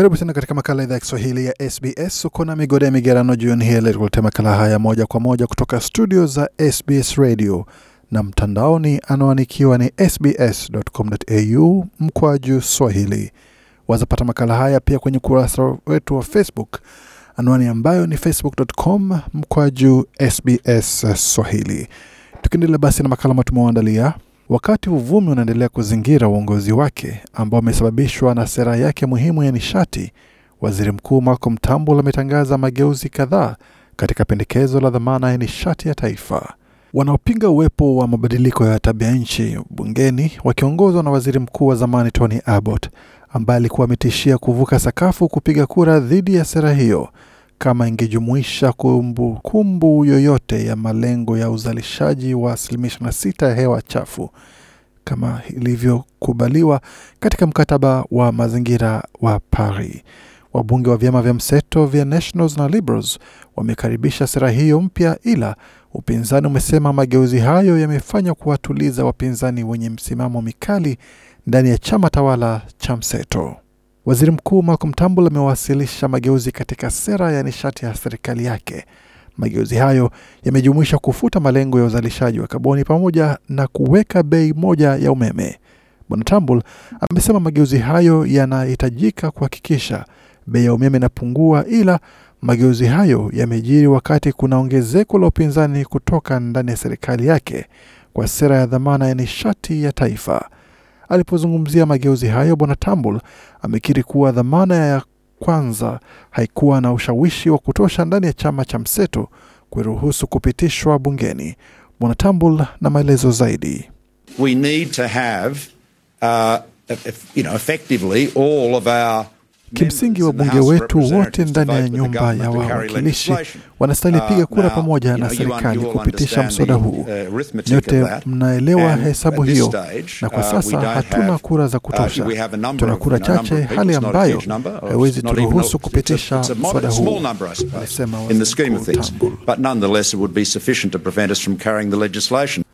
Karibu tena katika makala idhaa ya Kiswahili ya SBS. Uko na ya Migerano jioni hii leo tukuletea makala haya moja kwa moja kutoka studio za SBS Radio na mtandaoni, anaoanikiwa ni sbs.com.au mkwaju swahili. Wazapata makala haya pia kwenye ukurasa wetu wa Facebook, anwani ambayo ni facebook.com mkwaju sbs swahili. Tukiendelea basi na makala matumeoandalia Wakati uvumi unaendelea kuzingira uongozi wake ambao umesababishwa na sera yake muhimu ya nishati, Waziri Mkuu Malcolm Turnbull ametangaza mageuzi kadhaa katika pendekezo la dhamana ya nishati ya taifa. Wanaopinga uwepo wa mabadiliko ya tabia nchi bungeni wakiongozwa na waziri mkuu wa zamani Tony Abbott ambaye alikuwa ametishia kuvuka sakafu kupiga kura dhidi ya sera hiyo kama ingejumuisha kumbukumbu yoyote ya malengo ya uzalishaji wa asilimia 26 ya hewa chafu kama ilivyokubaliwa katika mkataba wa mazingira wa Paris. Wabunge wa vyama vya mseto vya Nationals na Liberals wamekaribisha sera hiyo mpya, ila upinzani umesema mageuzi hayo yamefanywa kuwatuliza wapinzani wenye msimamo mikali ndani ya chama tawala cha mseto. Waziri Mkuu Malcolm Turnbull amewasilisha mageuzi katika sera ya nishati ya serikali yake. Mageuzi hayo yamejumuisha kufuta malengo ya uzalishaji wa kaboni pamoja na kuweka bei moja ya umeme. Bwana Turnbull amesema mageuzi hayo yanahitajika kuhakikisha bei ya umeme inapungua, ila mageuzi hayo yamejiri wakati kuna ongezeko la upinzani kutoka ndani ya serikali yake kwa sera ya dhamana ya nishati ya taifa. Alipozungumzia mageuzi hayo, Bwana Tambul amekiri kuwa dhamana ya kwanza haikuwa na ushawishi wa kutosha ndani ya chama cha mseto kuiruhusu kupitishwa bungeni. Bwana Tambul na maelezo zaidi. We need to have, uh, e-, e-, you know, effectively all of our Kimsingi wabunge wetu wote ndani ya nyumba ya wawakilishi wanastahili uh, piga kura pamoja na serikali kupitisha mswada huu. Uh, Nyote mnaelewa hesabu hiyo, na kwa uh, sasa hatuna kura za kutosha. Tuna kura chache, hali ambayo haiwezi turuhusu kupitisha mswada huu, alisema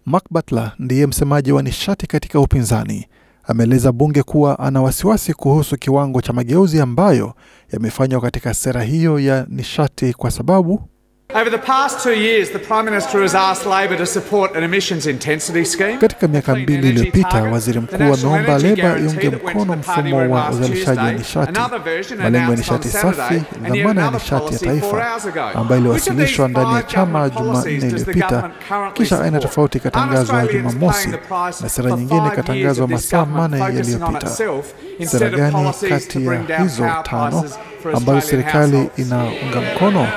Mark Butler ndiye msemaji wa nishati katika upinzani ameeleza bunge kuwa ana wasiwasi kuhusu kiwango cha mageuzi ambayo yamefanywa katika sera hiyo ya nishati kwa sababu katika miaka mbili iliyopita, waziri mkuu ameomba Leba iunge mkono mfumo wa uzalishaji wa nishati, malengo ya nishati safi, dhamana ya nishati ya taifa ambayo iliwasilishwa ndani ya chama Jumanne iliyopita, kisha aina tofauti ikatangazwa Jumamosi na sera nyingine ikatangazwa masaa manne yaliyopita. Sera gani kati ya hizo tano ambayo serikali inaunga mkono?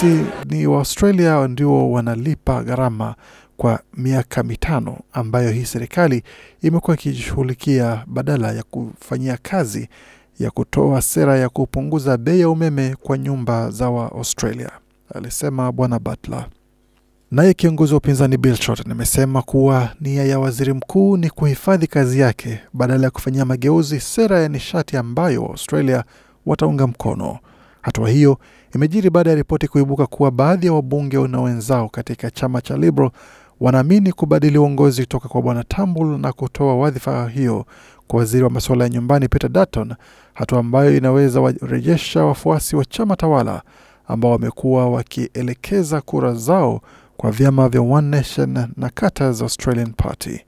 si ni Waaustralia ndio wanalipa gharama kwa miaka mitano ambayo hii serikali imekuwa ikishughulikia badala ya kufanyia kazi ya kutoa sera ya kupunguza bei ya umeme kwa nyumba za Waaustralia, alisema Bwana Butler. Naye kiongozi wa upinzani Bill Shorten amesema kuwa nia ya waziri mkuu ni kuhifadhi kazi yake badala ya kufanyia mageuzi sera ya nishati ambayo Waaustralia wataunga mkono. Hatua hiyo imejiri baada ya ripoti kuibuka kuwa baadhi ya wabunge na wenzao katika chama cha Liberal wanaamini kubadili uongozi kutoka kwa bwana tambul na kutoa wadhifa hiyo kwa waziri wa masuala ya nyumbani Peter Dutton, hatua ambayo inaweza warejesha wafuasi wa chama tawala ambao wamekuwa wakielekeza kura zao kwa vyama vya One Nation na Carter's Australian Party.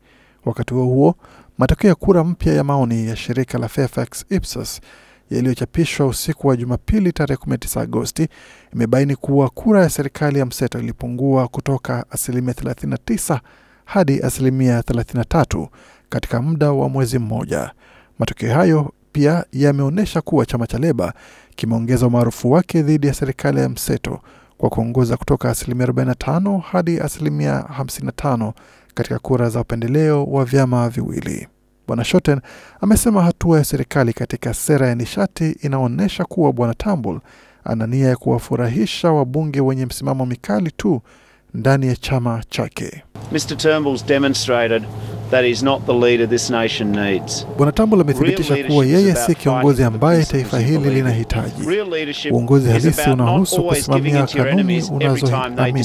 Wakati huo huo, matokeo ya kura mpya ya maoni ya shirika la Fairfax Ipsos yaliyochapishwa usiku wa Jumapili tarehe 19 Agosti imebaini kuwa kura ya serikali ya mseto ilipungua kutoka asilimia 39 hadi asilimia 33 katika muda wa mwezi mmoja. Matokeo hayo pia yameonyesha kuwa chama cha Leba kimeongeza umaarufu wake dhidi ya serikali ya mseto kwa kuongoza kutoka asilimia 45 hadi asilimia 55 katika kura za upendeleo wa vyama viwili. Bwana Shoten amesema hatua ya serikali katika sera ya nishati inaonyesha kuwa Bwana Tambul ana nia ya kuwafurahisha wabunge wenye msimamo mikali tu ndani ya chama chake. Mr. Bwana Tambo amethibitisha kuwa yeye si kiongozi ambaye taifa hili linahitaji. Uongozi halisi unahusu kusimamia kanuni unazoamini.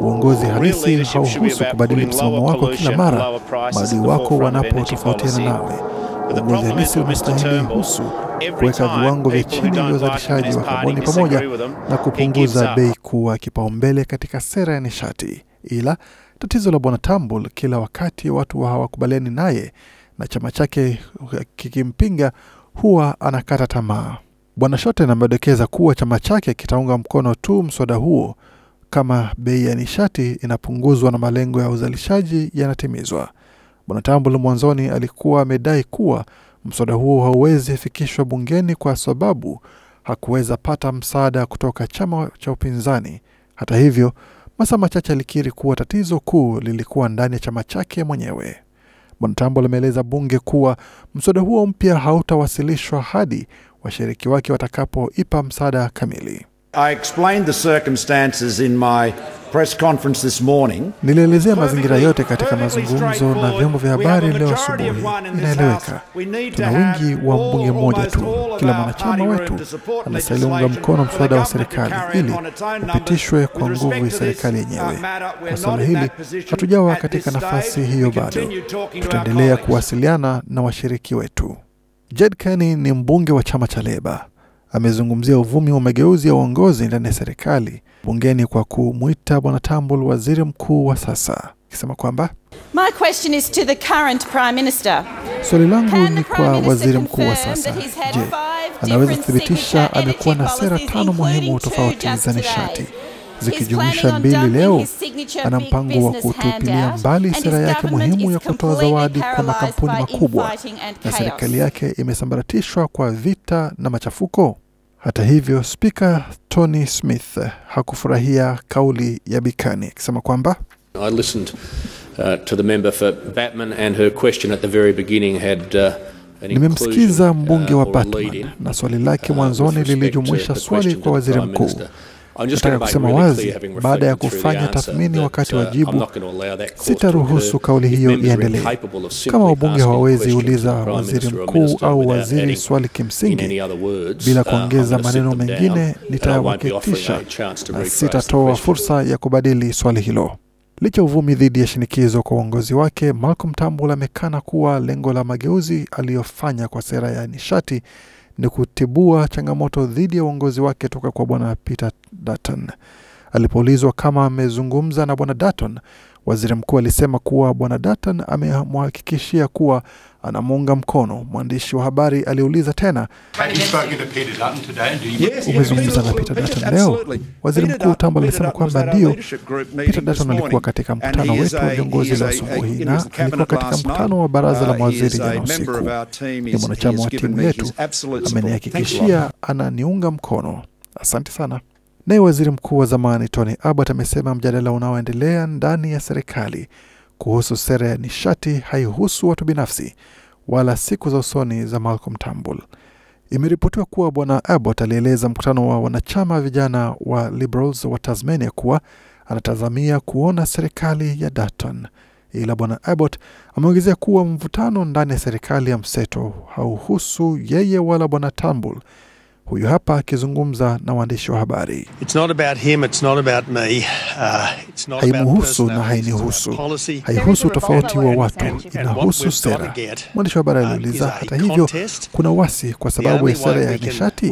Uongozi halisi hauhusu kubadili msimamo wako kila mara maadui wako wanapotofautiana nawe. Uongozi halisi unastahili husu kuweka viwango vya chini vya uzalishaji wa kaboni pamoja na kupunguza bei kuwa kipaumbele katika sera ya nishati, ila Tatizo la bwana Tambul, kila wakati watu hawakubaliani naye na chama chake kikimpinga, huwa anakata tamaa. Bwana Shoten amedokeza kuwa chama chake kitaunga mkono tu mswada huo kama bei ya nishati inapunguzwa na malengo ya uzalishaji yanatimizwa. Bwana Tambul mwanzoni alikuwa amedai kuwa mswada huo hauwezi fikishwa bungeni kwa sababu hakuweza pata msaada kutoka chama cha upinzani. Hata hivyo masaa machache alikiri kuwa tatizo kuu lilikuwa ndani ya chama chake mwenyewe. Bwana Turnbull ameeleza bunge kuwa mswada huo mpya hautawasilishwa hadi washiriki wake watakapoipa msaada kamili. I explained the circumstances in my press conference this morning. Nilielezea mazingira yote katika mazungumzo na vyombo vya habari leo asubuhi. Inaeleweka, tuna wingi wa mbunge mmoja tu. Kila mwanachama wetu anastahili unga mkono mswada wa serikali ili upitishwe kwa nguvu ya serikali yenyewe. Kwa suala hili, hatujawa katika nafasi hiyo bado. Tutaendelea kuwasiliana na washiriki wetu. Jed Kenny ni mbunge wa chama cha Leba amezungumzia uvumi wa mageuzi ya uongozi ndani ya serikali bungeni kwa kumwita Bwana Tambul waziri mkuu wa sasa, akisema kwamba swali langu ni kwa waziri mkuu wa sasa, je, anaweza kuthibitisha amekuwa na sera tano muhimu tofauti za nishati zikijumuisha mbili leo. Ana mpango wa kutupilia mbali sera yake muhimu ya kutoa zawadi kwa makampuni makubwa, na serikali yake imesambaratishwa kwa vita na machafuko. Hata hivyo, spika Tony Smith hakufurahia kauli ya Bikani akisema kwamba I listened uh, to the member for Batman and her question at the very beginning had uh, Nimemsikiza mbunge uh, wa Batman na swali lake uh, mwanzoni lilijumuisha swali kwa waziri mkuu Nataka kusema wazi, baada ya kufanya tathmini wakati uh, wa jibu, sitaruhusu kauli hiyo iendelee. Kama wabunge hawawezi uliza waziri mkuu au waziri swali kimsingi bila uh, kuongeza maneno mengine, nitawaketisha na sitatoa fursa ya kubadili swali hilo. Licha uvumi dhidi ya shinikizo kwa uongozi wake, Malcolm Turnbull amekana kuwa lengo la mageuzi aliyofanya kwa sera ya nishati ni kutibua changamoto dhidi ya uongozi wake toka kwa bwana Peter Dutton. Alipoulizwa kama amezungumza na bwana Dutton Waziri mkuu alisema kuwa bwana Dutton amemhakikishia kuwa anamuunga mkono. Mwandishi wa habari aliuliza tena, umezungumza na Peter Dutton leo? Waziri Mkuu Tambo alisema kwamba ndio, Peter Dutton alikuwa katika mkutano wetu wa viongozi la asubuhi na alikuwa katika mkutano wa baraza la uh, mawaziri jana usiku. Ni mwanachama wa timu yetu, amenihakikishia ananiunga mkono. Asante sana. Naye waziri mkuu wa zamani Tony Abbott amesema mjadala unaoendelea ndani ya serikali kuhusu sera ya nishati haihusu watu binafsi wala siku za usoni za Malcolm Turnbull. Imeripotiwa kuwa bwana Abbott alieleza mkutano wa wanachama vijana wa Liberals wa Tasmania kuwa anatazamia kuona serikali ya Dutton, ila bwana Abbott ameongezea kuwa mvutano ndani ya serikali ya mseto hauhusu yeye wala bwana Turnbull Huyu hapa akizungumza na waandishi wa habari. Uh, haimuhusu na hainihusu, haihusu tofauti wa watu, inahusu sera. Mwandishi wa habari uh, aliuliza, hata hivyo kuna wasi kwa sababu ya sera ya nishati.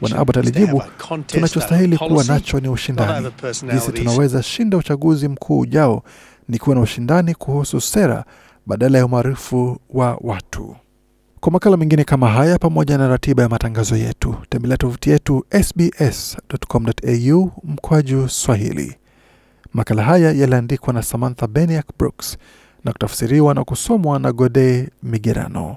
Bwana Abbott alijibu, tunachostahili uh, kuwa nacho ni ushindani. Jinsi tunaweza shinda uchaguzi mkuu ujao ni kuwa na ushindani kuhusu sera badala ya umaarufu wa watu. Kwa makala mengine kama haya pamoja na ratiba ya matangazo yetu tembelea tovuti yetu sbs.com.au mkwaju Swahili. Makala haya yaliandikwa na Samantha beniac Brooks na kutafsiriwa na kusomwa na Gode Migerano.